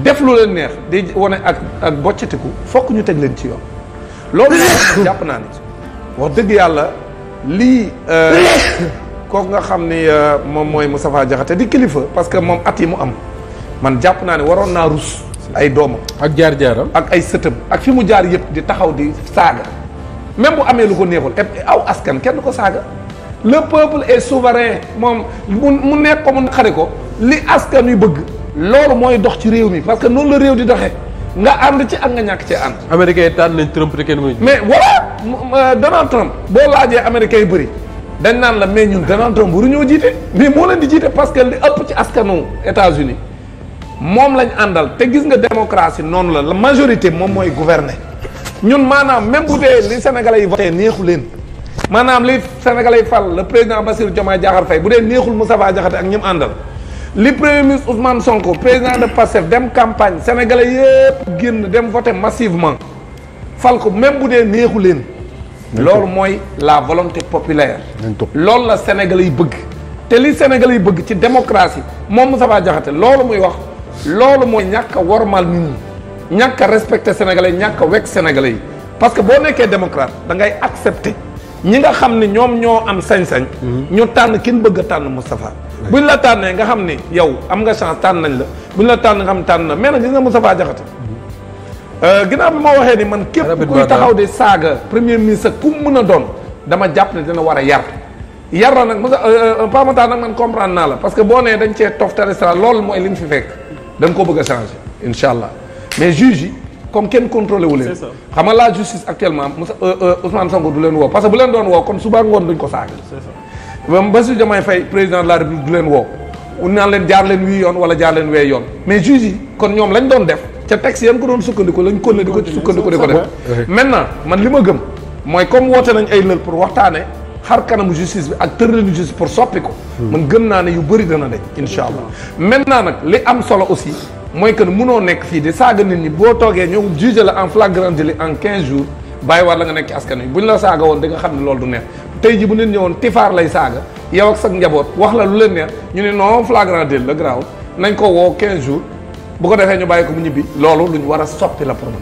def lu leen neex di wane ak ak boccatiku fokk ñu teg leen ci yoon loolu nag jàpp naa ni wax dëgg yàlla lii euh, kooku nga xam ni euh, moom mooy Moustapha Diakhaté di kilifa parce que moom at yi mu am man jàpp naa ne waroon naa rus ay doomam ak jaar-jaaram ak ay sëtam ak fi mu jaar yëpp di taxaw di saaga même bu amee lu ko neexul aw askan kenn ko saaga le peuple est souverain moom mu neex ko mun xare ko li askan yu bëgg loolu mooy dox ci réew mi parce que noonu la réew di doxee nga ànd ci ak nga ñàkk ci ànd. américain yi tànn nañ Trump te kenn muy. mais voilà euh, Donald Trump. boo laajee américain yi bëri dañ naan la mais ñun Donald Trump waruñoo jiite mais moo leen di jiite parce que li ëpp ci askanu États-Unis moom lañ àndal te gis nga démocratie noonu la la majorité moom mooy gouverner ñun maanaam même bu dee li Sénégalais yi voté neexu leen maanaam li Sénégalais yi fal le président Bassirou Diomaye Diakhar Faye bu dee neexul Moustapha Diakhaté ak ñim àndal. Le premier ministre Ousmane Sonko président de la dem campagne sénégalais dem voter massivement Falco même ne la volonté populaire. que la sénégalais Et ce que li sénégalais yi C'est ci démocratie moom Moustapha Diakhaté loolu moy wax loolu mooy ñàkk a wormal nit sénégalais a sénégalais parce que démocrate da accepter. ñi nga xam ne ñoom ñoo am sañ-sañ. Mhm. ñu tànn kenn bëgg a tànn Moustapha. buñ la tànnee nga xam ni yow am nga chance tànn nañ la buñ la tànn nga xam tànn na mais nag gis nga Moustapha Diakhaté. Mhm. Euh, ginnaaw bi ma waxee ni man. képp kuy taxaw di saaga premier ministre ku mu mën a doon dama jàpp ne dina war a yar. yar la nag Moussa euh, euh, Pamata nag man comprendre naa la parce que boo nee dañ cee toftale sa lool mooy li ñu fi fekk dañ ko bëgg a changer incha allah mais juge comme kenn contrôlé wu leen. xam nga la justice actuellement Moussa euh, euh, Ousmane Sonko du leen woo parce que bu leen doon woo kon suba ngoon duñ ko saaga. Bassirou Diomaye Faye président de la République du leen woo. u leen jaar leen wii yoon wala jaar leen wee yoon mais juge kon ñoom lañ doon def ca texte yan ko doon sukkandiku lañ ko ne di ko ci sukkandiku di ko def maintenant man li ma gëm mooy comme woote nañ ay lël pour waxtaane xar kanamu justice bi ak tëralinu pour soppi ko hmm. naa ne yu bëri dana dañ insha allah maintenant nag li am solo aussi moy que mëno nek fi di saaga nit ñi bo toggé ñu juge la en flagrant délit en 15 jours bay war la nga nek askan wi buñ la saaga won da nga xamni lool du neex tay ji bu nit ñewon tifar lay saaga yow ak sax njabot wax la lu leen neex ñu ni non flagrant délit la garaaw nañ ko wo 15 jours bu ko défé ñu bay ko mu ñibi loolu luñ wara a soppi la problème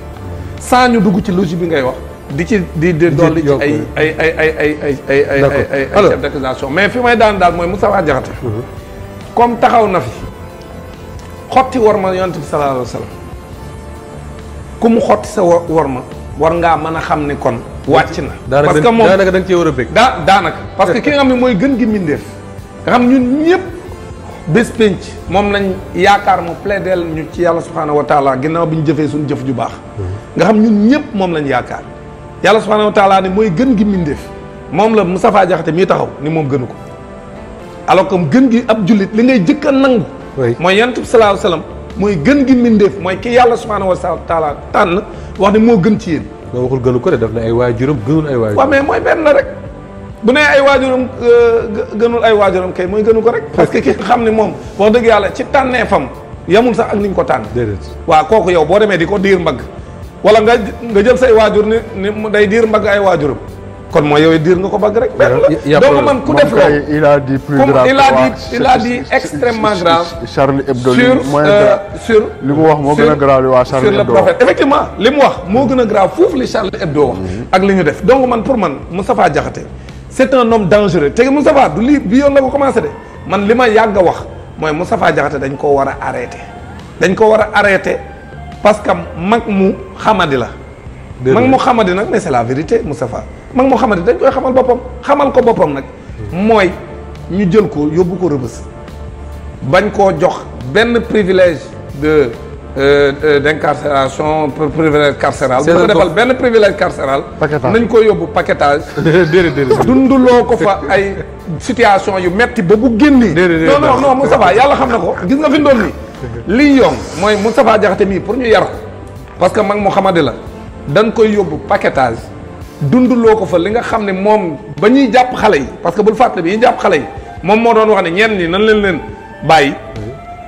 sans ñu dugg ci logique bi ngay wax di ci di di dolli ci ay ay ay ay ay ay ay ay ay ay ay ay mais ay ay ay ay ay ay ay ay ay ay ay xoti warma ma bi sallallahu alaihi wasallam kum xoti sa warma war nga mën xamni kon wàcc na parce que mom da naka dang ci wara bekk da da naka parce que ki nga xamni moy gën gi mbindeef nga xam ñun ñepp bes pench mom lañ yaakar mu plaidel ñu ci yalla subhanahu wa taala ginnaw biñu jëfé suñu jëf ju baax mhm. nga xam ñun ñepp mom lañ yaakar yalla subhanahu wa taala ni moy gën gi mbindeef mom la mustafa Diakhaté mi taxaw ni mom gënuko alors que gën gi ab julit li ngay jëkkal a nangu mooy yonent bi salaahu mooy gën gi mbindeef mooy ki yàlla subhaanahu wa taala tànn wax ne moo gën ci yéen. loo waxul gënu ko de daf ne ay waajuram gënul ay waajuram. waaw mais mooy benn bu nee ay waajuram euh, gënul ay waajuram kay mooy gënu ko rek. parce que ki xam ne moom wax dëgg yàlla ci tànnee fam yamul sax ak ni ñu ko tànn. déedéet waaw kooku yow boo demee di ko diir mbagg. wala nga nga jël say waajur ni ni day diir mbagg ay waajuram. kon moi yooyu diir nga ko bag rek. donc man ku def loolu il a dit plus grave il a dit il a dit extrêmement grave. Charlie Hebdo sur euh, sur li wax mo gën grave wa Charlie Hebdo sur le prophète effectivement li wax mo gën grave fouf li Charlie Hebdo wax. Mhm. ak li ñu def donc man pour man Moustapha Diakhaté c'est un homme dangereux te Moustapha du li bi yoon la ko commencé de man lima ma wax moy Moustapha Diakhaté dañ ko wara arrêter dañ ko wara arrêter parce que mak mu xamadi la. mag mu xamadi mais c'est la vérité Moustapha. Je moo dañ koy xamal boppam xamal ko boppam nag mooy ñu jël ko ko jox privilège de euh, euh, d' privilège carcéral privilège carcéral nañ ko yóbbu paquetage dunduloo ko fa ay situation yu metti ba bu génni non non non Moustapha yàlla xam na gis nga fi ni li yoon mooy Moustapha pour ñu parce que mag la dañ paquetage dundu loo ko fa li nga xam ne moom ba ñuy jàpp xale yi parce que bul fàttali bi ñuy jàpp xale yi moom moo doon wax ne ñenn ñi nan leen leen bàyyi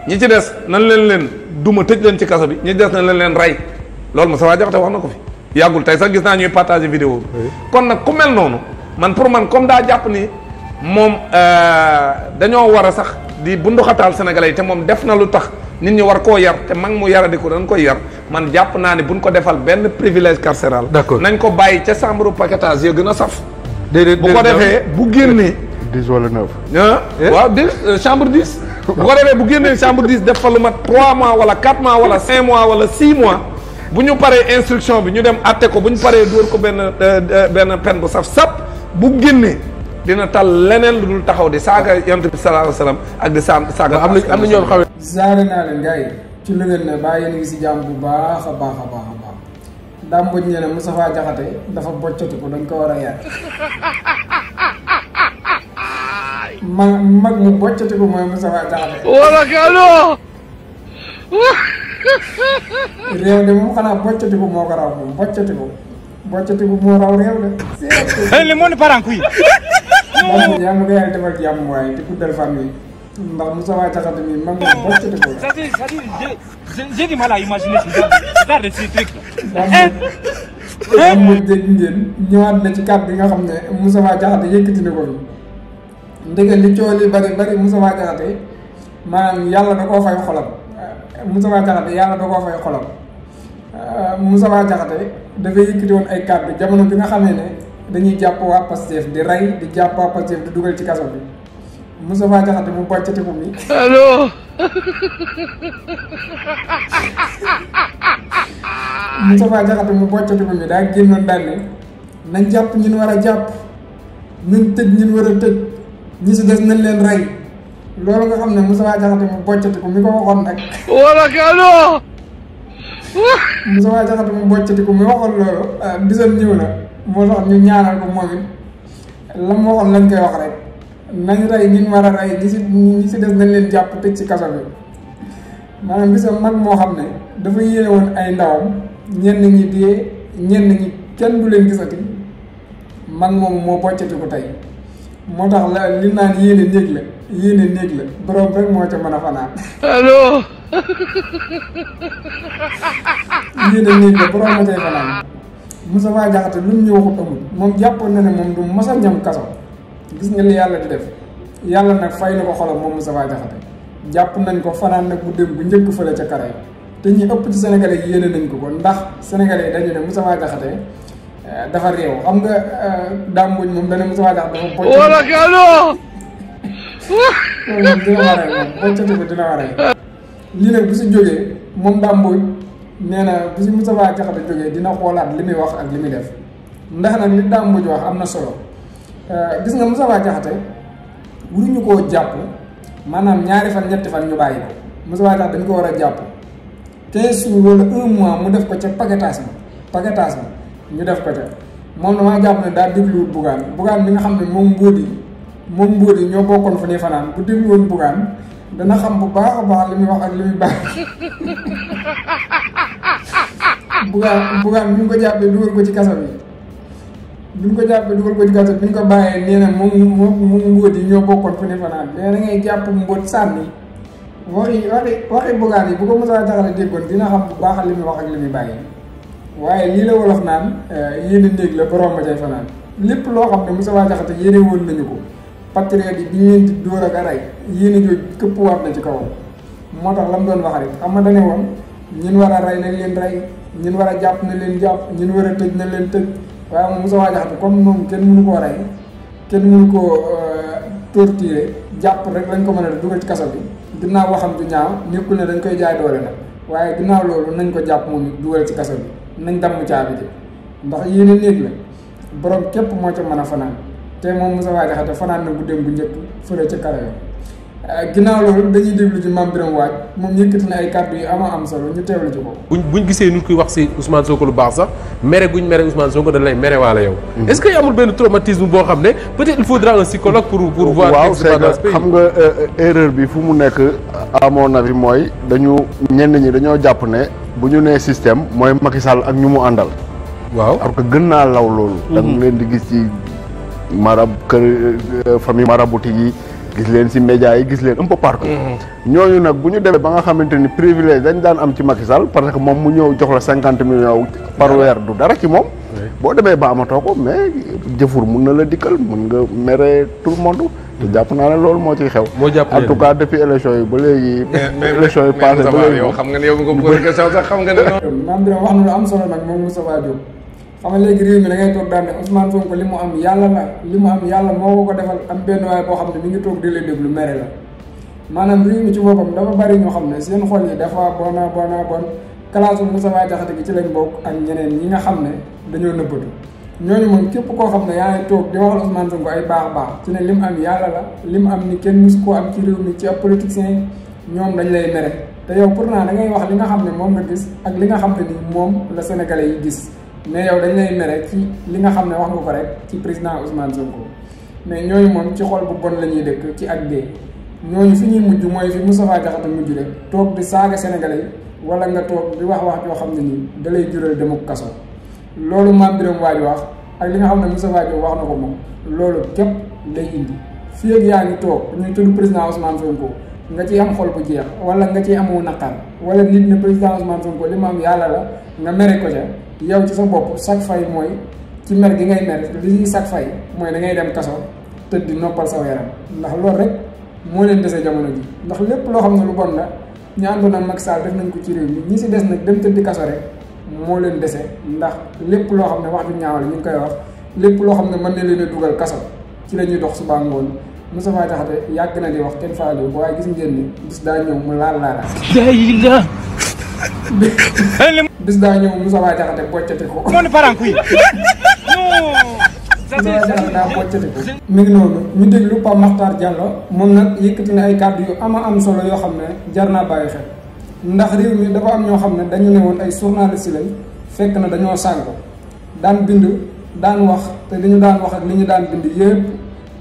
ñi ci des nan leen leen duma tëj leen ci kaso bi ñi ci des nan leen leen rey loolu Moustapha Diakhaté wax na ko fi yàggul tey sax gis naa ñuy partager vidéo kon nag ku mel noonu man pour man comme daa jàpp ni moom euh, dañoo war a sax di bunduxataal sénégalais yi te moom def na lu tax nit ñi war koo yar te mag mu yaradi ko dañ koy yar man japp naa ne buñ ko defal ben privilège carcéral. nañ ko bayyi ci chambre paquetage ya gën a saf. déedéet bu ko defé bu génnee. 10 wala 9. Ah, eh? waaw 10 euh, chambre 10. bu ko defé bu génnee chambre 10 def fa lu mat 3 mois wala 4 mois wala 5 mois wala 6 mois. buñu paré instruction bi ñu dem atté ko bu paré door ko ben euh, euh, ben peine bu saf sap bu génnee dina tal leneen lu dul taxaw di saga yantabi sallallahu alayhi wasallam ak di saga amna am ñoo xam ne. ziare naa leen ci leugal wér ne bàyyi yéen ngi si jàmm bu baakha baakha baakha a baax a baax daam bëj Jaxate dafa boccati ko dañ ko wara yaa yar ma mag mu boccati ko moy Moustapha Jaxate wala galo réew de mu xanaa boccati ko moko raw mu boccati ko boccati ko mo raw réew de ay moo ni paranku yi yàlla na ko yàlla defal jàmm waaye di guddal famille ndax Moussa Waye taxaw tamit man moom boo ci defoo. c'est-à-dire c'est-à-dire j'ai ñëwaat na ci kàddu bi nga xam ne Moussa Waye Diakhaté yëkkati na ko fi ndege li coow li bari bari Moussa Waye Diakhaté maanaam yàlla da koo fay xolam Moussa Waye Diakhaté yàlla da koo fay xolam Moussa Waye Diakhaté dafay yëkkati woon ay kàddu jamono bi nga xam ne dañuy jàpp waa Pastef di rey di jàpp waa Pastef di dugal ci kaso bi. Moustapha Diakhaté mu bàccati ko mi. allo. Moustapha Diakhaté mu bàccati ko mi daa génnoon daal ne nañ jàpp ñun war a jàpp nañ tëj ñun war a tëj ñi si des nañ leen rey loolu nga xam ne Moustapha mu bàccati ko mi ko waxoon nag. wala ka allo. Moustapha Diakhaté mu bàccati ko mi waxoon loolu ah, bisam ñëw na moo tax ñu ñaanal ko moom it lam waxoon lañ koy wax rek nañ ray ñin war ray ñi ci ñi si des nañ leen japp tecc ci kasso bi manam gis nga mag mo xamne dafa yéene won ay ndaw ñen ñi dee ñen ñi kenn du leen gisati mag mom mo boccati ko tay motax la li naan yéene neeg la yéene neeg la borom rek mo ca mëna fana fanaan allo yéene neeg la borom mo tay fana musa wa jaxata lu ñu waxu ko amul moom jàppoon na ne mom du mësa ñam kasso gis nga li yàlla di def yàlla nag fay na ko xolam moom Moustapha Diakhaté jàpp nañ ko fanaan nag bu dem bu njëkk fële ca Karaye te ñu ëpp ci sénégalais yi yéene nañ ko ko ndax sénégalais yi dañu ne Moustapha Diakhaté eh, dafa réew xam nga eh, Dame Mbodj moom dana Moustapha Diakhaté dafa bocc. wala kano. dina war a yëg moom boccatu ko dina lii nag bu si jógee moom Dame Mbodj nee na bu si Moustapha Diakhaté jógee dina xoolaat li muy wax ak li muy def ndax nag li Dame Mbodj wax am na solo. Euh, gis nga Moustapha Diakhaté waruñu koo jàpp maanaam ñaari fan ñetti fan ñu bàyyi ko Moustapha dañ ko war a jàpp quinze jours wala un mois mu def ko ca paquetage ma paquetage ma ñu def ko ca moom damaa jàpp ne daal dégluwul Bougane Bougane bi nga xam ne moom mbóodi moom yi ñoo bokkoon fu ñuy fanaan bu woon Bougane dana xam bu baax a baax li muy wax ak li muy baax Bougane Bougane bi ñu ko jàppee dugal ko ci kaso bi bi ñu ko jàppee dugal ko ci gàttal bi ñu ko bàyyee nee na moom moom moom mbóot yi ñoo bokkoon fu ne fanaan mais da ngay jàpp mbóot sànni waxi waxi waxi bugaan yi bu ko mosaa taxale déggoon dina xam bu baax li muy wax ak li muy bàyyi waaye lii la wolof naan eh, yéene néeg la borom ba cay fanaan lépp loo xam ne Moustapha Diakhaté yéene woon nañu ko patriote yi bi ñu leen di dóor ak a rey yéene jooju këpp war na ci kawam moo tax la mu doon wax rek xam nga da ne woon ñun war a rey nañ leen rey ñun war a jàpp na leen jàpp ñun war a tëj na leen tëj waaye moom Moussa Diakhaté comme moom kenn mënu koo rey kenn mënu koo euh, torturer jàpp rek dañ ko mën a dugal ci kaso bi ginnaaw waxam ju ñaaw nekkul ne dañ koy jaay doole nag waaye ginnaaw loolu nañ ko jàpp moom it dugal ci kaso bi nañ damm caabi ji ndax yéene néeg la borom képp moo ca mën a fanaan te moom Moussa Diakhaté fanaan na guddeem bu njëkk fële ca kare Euh, ginnaaw loolu dañuy déglu ci Mame Birame Wathie moom yëkkati na ay kàddu yu ama am solo ñu teewlu ci ko buñ buñ gisee nit kuy wax si Ousmane Sonko lu baax sax mere guñ mere Ousmane Sonko dañ lay mere waale yow. Mm-hmm. est-ce que amul benn traumatisme boo xam ne peut-être il faudra un psychologue pour pour voir. waaw c'est que xam nga euh, euh, erreur bi fu mu nekk à mon avis mooy dañu ñenn ñi dañoo jàpp ne bu ñu nee système mooy Macky Sall ak ñu mu àndal. waaw parce que gën naa law loolu. Mm-hmm. da leen di gis ci marab kër famille maraboutique yi. gis leen si médias yi gis leen un peu partout. ñooñu nag bu ñu demee ba nga xamante ni privilège dañ daan am ci Macky Sall parce que moom mu ñëw jox la cinquante millions par weer du dara ci moom. boo demee ba amatoo ko mais jëfur mun na la dikkal mun nga mere tout le monde. te jàpp naa ne loolu moo ciy xew. moo jàpp en tout cas depuis élection yi ba léegi. élection yi passé ba léegi mais mais yow xam nga ne yow nga ko posé xam na am solo nag moom Moustapha xam léegi réew mi da ngay toog daan ne Ousmane Sonko li mu am yàlla la li mu am yàlla moo ko ko defal am benn waay boo xam ne mi ngi toog di la déglu mere la maanaam réew mi ci bari ñoo xam ne seen xol yi dafa bona bona bon classe Moustapha Diakhaté gi ci lañ bokk ak ñeneen ñi nga xam ne dañoo nëbbatu ñooñu moom képp koo xam ne yaa ngi toog di waxal Ousmane Sonko ay li mu la li mu am ni kenn mus ci réew mi ci ñoom dañ lay mere te yow pourtant da ngay wax li nga xam ne moom nga gis ak li nga xam ne ni moom la sénégalais yi gis mais yow dañ lay mere ci li nga xam ne wax nga ko rek ci président Ousmane Sonko mais ñooñu moom ci xol bu bon la ñuy dëkk ci ak dee ñooñu fi ñuy mujj mooy fi Moustapha Diakhaté mujj rek toog di saaga sénégalais wala nga toog di wax wax yoo xam ne nii da lay jural dem ak kaso loolu maam Birame Waly wax ak li nga xam ne Moustapha Diop wax na ko moom loolu képp lay indi fii ak yaa ngi toog ñu tudd président Ousmane Sonko nga ci am xol bu jeex wala nga ciy amoo naqar wala nit ne président Ousmane Sonko li mu am yàlla nga mere ko ca. yow ci sa bopp chaque fay mooy ci mer gi ngay mer li chaque fay mooy da ngay dem kaso tëdd noppal sa yaram ndax loolu rek moo leen dese jamono ji ndax lépp loo xam ne lu bon la ñu àndoon ak Macky saal def nañ ko ci réew mi ñi si des nag dem tëdd kaso rek moo leen dese ndax lépp loo xam ne wax du ñaawal ñu ngi koy wax lépp loo xam ne mën na leen a dugal kaso ci la ñuy dox suba ngoon Moussa Faye Diakhaté yàgg na di wax kenn faale waaye gis ngeen ni bis daa ñëw mu laal laalaat. bis daa ñëw Moussa Waye Diakhaté boccati ko. moo ne paranku yi. mi ngi noonu ñu déglu Pape Makhtar Diallo moom nag yëkkati na ay kàddu yu ama am solo yoo xam ne jar naa bàyyi xel ndax réew mi dafa am ñoo xam ne dañu ne woon ay journaliste lañ fekk na dañoo sànko daan bind daan wax te li ñu daan wax ak li ñu daan bind yëpp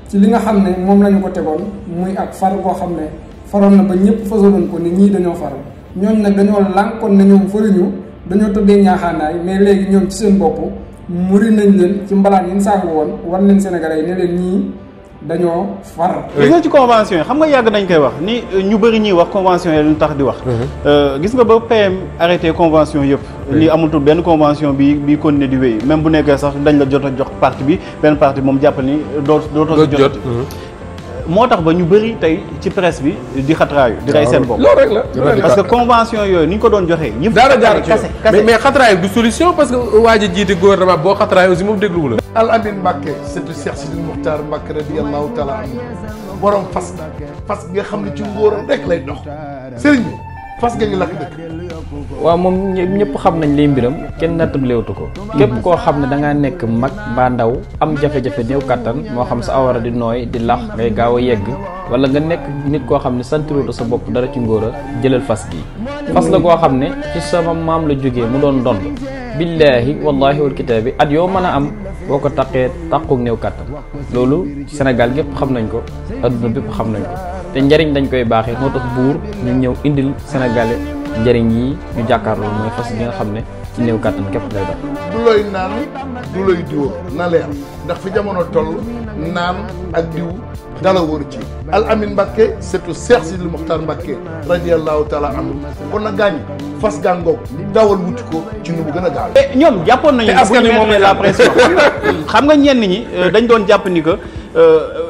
ci li nga xam ne moom la ñu ko tegoon muy ak far koo xam ne faroon na ba ñëpp fasaloon ko ni ñii dañoo faral ñooñ nag dañoo lànkoon na ñoom fëriñu dañoo tëddee ñaaxaanaay mais léegi ñoom ci seen bopp muri nañ leen ci mbalaan yi ñu woon war leen Sénégalais yi ne leen ñii dañoo far. gis nga ci convention yi xam nga yàgg nañ koy wax ni euh, ñu bëri ñuy wax convention yi lu tax di wax. Mhm. Euh, gis nga ba PM arrêté convention yëpp. lii amatul benn convention bi kon continuer di wéy même bu nekkee sax dañ la jot a parti bi benn parti moom jàpp ni doo dootoo si jot. Mhm. moo tax ba ñu bëri tey ci presse bi di xatraayu di rey seen bopp parce que convention yooyu ni ñu ko doon joxee ñëpp dara jaar ci mais xatraayu du solution parce que waa jiite gouvernement boo xatraayu aussi moom dégluwu la al amin Mbàkke surtout Cheikh Sidi Muxtaar Mbàkke radiyallahu taala borom fas fas nga xam ne ci ngóoram rek lay dox sëriñ bi fas nga ñu lakk dëkk waaw moom ñëpp xam nañ liy mbiram kenn nattab léewtu ko képp koo xam ne da ngaa nekk mag mbaa ndaw am jafe-jafe néew kattan moo xam sa awara di nooy di lax ngay gaaw a yegg wala nga nekk nit koo xam ne santiroota sa bopp dara ci ngóor a jëlal fas gi fas la koo xam ne ci sama maam la jógee mu doon dond billaahi wallaahi wal kitaabi at yoo mën a am boo ko taqee taquk néew kattan loolu Sénégal gépp xam nañ ko ak adduna bépp xam nañ ko te njariñ dañ koy baaxee moo tax buur ñu ñëw indil sénégalais njëriñ yi ñu jàkkaarloo mooy fas yi nga xam ne ci néew kàttan képp lay dox. du looy naan du looy diwoo na leer ndax fi jamono toll naan ak diw dala wóor ci al amin Mbacke surtout Cheikh Sidil Mokhtar Mbacke radiyallahu taala anhu kon na gaañ fas gàngoog dawal wuti ko ci nu mu gën a gaaw. te eh, ñoom jàppoon nañu. te askan wi moom la pression xam nga ñenn ñi euh, dañ doon jàpp ni que. Euh,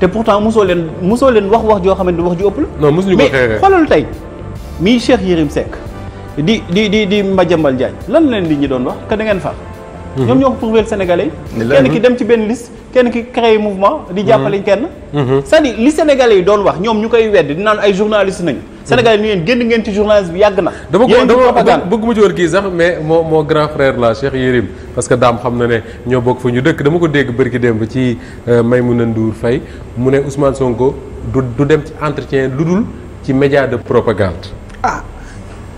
te pourtant mosoo leen mosoo leen wax wax joo xamante ne wax ju ëpp la. non mosuñu ko xeexee mais xoolal tey Cheikh Yérim Seck di di di di Madiambal Diagne lan leen nit ñi doon wax que da ngeen far. Mhm. ñoom ñoo ko prouvé Sénégalais yi. kenn ki dem ci benn liste kenn ki créé mouvement. di jàppale mhm. kenn. Mhm. c'est-à-dire li Sénégalais yi doon wax ñoom ñu koy wedd di naan ay journalistes nañu. Sénégal yi ñu ngeen génn ngeen ci journaliste bi yàgg na. dama ko dama bëgguma ci war kii sax mais moo moo grand frère la Cheikh Yérim parce que daam xam na ne ñoo bokk fa ñu dëkk dama ko dégg bërki démb ci may euh, Maymouna Ndour Faye mu ne Ousmane Sonko du du dem ci entretien lu dul ci média de propagande. ah.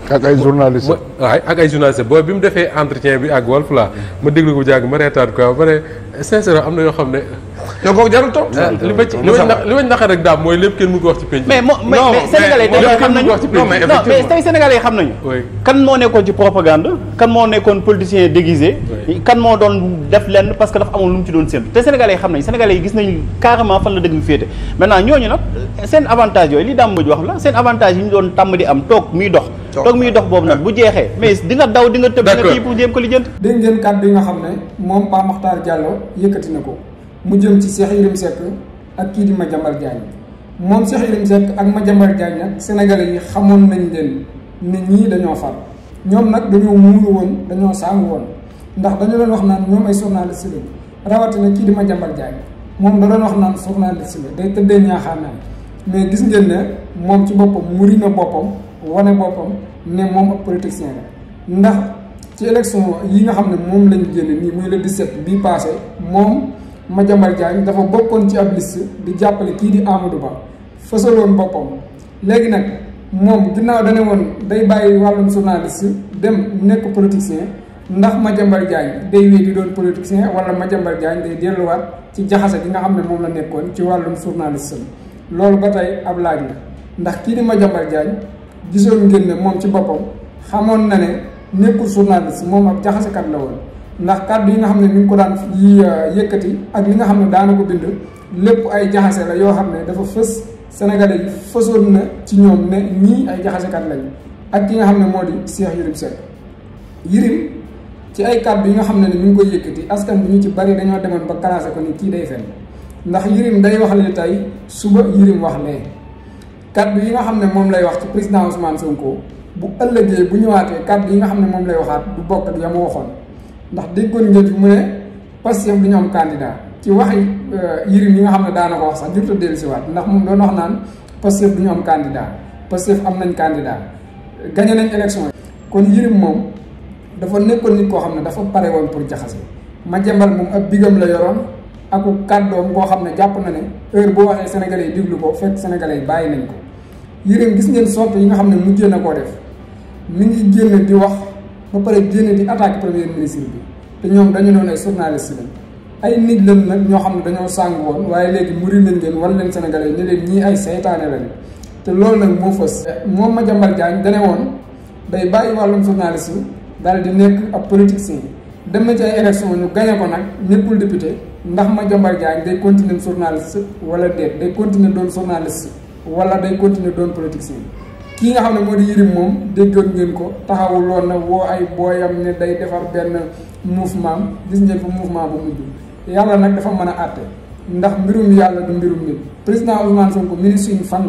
ak ay journaliste waaye ak ay journaliste booy bi mu defee entretien bi ak Walf la ma déglu ko jàng ma reetaan quoi ba ne sincèrement am na yoo xam ne. ñoo ko jarul toog. li ma ci li ma ci naqar rek daam mooy lépp kenn mënu ko wax ci kan moo nekkoon ci propagande. kan moo nekkoon moo doon def lenn parce que dafa amoon lu mu ci doon séntu. te sénégalais xam nañu sénégalais yi gis nañu carrément fan la dëgg féete maintenant ñooñu seen avantage yooyu li daam wax la seen avantage yi ñu doon tàmm di am toog muy dox. toog muy dox boobu nag bu jeexee mais di nga daw di nga tëb nga kii pour jéem ko lijjanti. dégg ngeen kàddu yi nga xam ne moom Pape Makhtar yëkkati na ko mu jëm ci Cheikh Yérim Seck ak kii di Madiambal Diagne moom Cheikh Yérim Seck ak ma Diagne nag sénégalais yi xamoon nañ leen ne ñii dañoo far ñoom nag dañoo muuru woon dañoo saang woon ndax dañu doon wax naan ñoom ay journaliste la rawatina kii di Madiambal Diagne moom da doon wax naan journaliste la day tëddee ñaaxaan naa mais gis ngeen ne moom ci boppam muri na boppam wane boppam ne moom ak politicien la ndax ci élection yi nga xam ne moom lañ génn nii muy le 17 bii passé moom. ma Madiambal Diagne dafa bokkoon ci ab liste di jàppale kii di Amadou Ba fësaloon boppam léegi nag moom ginnaaw dane woon day bàyyi wàllum journaliste dem nekk politicien ndax ma Madiambal Diagne day wéy di doon politicien wala Madiambal Diagne day delluwaat ci jaxase gi nga xam ne moom la nekkoon ci wàllum journaliste loolu ba tey ab laaj la ndax kii di ma Madiambal Diagne gisoon ngeen ne moom ci boppam xamoon na ne nekkul journaliste moom ab jaxasekat la woon ndax kàddu yi nga xam ne mi ngi ko daan yi euh, yëkkati ak li nga xam ne daana ko bind lépp ay jaxase la yoo xam ne dafa fës sénégalais yi fësoon na ci ñoom ne ñii ay jaxasekat lañu ak ki nga xam ne moo di Cheikh Yérim Seck Yérim ci ay kàddu yi nga xam ne ne mi ngi koy askan bi ñu ci bari dañoo demoon ba classé ko ni kii day fen ndax Yérim day wax li tey suba Yérim wax lee kàddu yi nga xam ne moom lay wax ci président Ousmane Sonko bu ëllëgee bu ñëwaatee kàddu yi nga xam ne moom lay waxaat du bokk ak ya mu waxoon ndax déggoon ngeen fi mu ne Pastef du ñu am candidat ci waxi euh, yiri yi nga xam ne daana ko wax sax jurta dellu si waat ndax moom doon wax naan Pastef bi ñu am candidat Pastef am nañ candidat gagné nañ élection kon yiri moom dafa nekkoon nit koo xam ne dafa pare woon pour jaxase ma jembal moom ak bigam la yoroon ak kàddoom koo xam ne jàpp na ne heure bu waxee sénégalais yi déglu ko fekk sénégalais yi bàyyi nañ ko yiri gis ngeen sopp yi nga xam ne mujjee na koo def mi ngi génn di wax ba pare génn di attaque premier ministre bi te ñoom dañu doon ay journaliste lañ ay nit lañ nag ñoo xam ne dañoo sàng woon waaye léegi muri nañ leen wala leen sénégalais ni leen ñii ay saytaane lañ te loolu nag moo fës moom Madiambal Diagne dane woon day bàyyi wàllum journaliste daal di nekk ab politicien dem na ci ay élection ñu gañe ko nag nekkul député ndax Madiambal Diagne day continuer journaliste wala déet day continuer doon journaliste wala day continuer doon politicien kii nga xam ne moo di Yérim moom déggoon ngeen ko taxawul woon na woo ay booyam ne day defar benn mouvement gis ngeen fa mouvement bu mujj yàlla nag dafa mën a àtte ndax mbirum yàlla du mbirum nit président Ousmane Sonko ministre suñu fan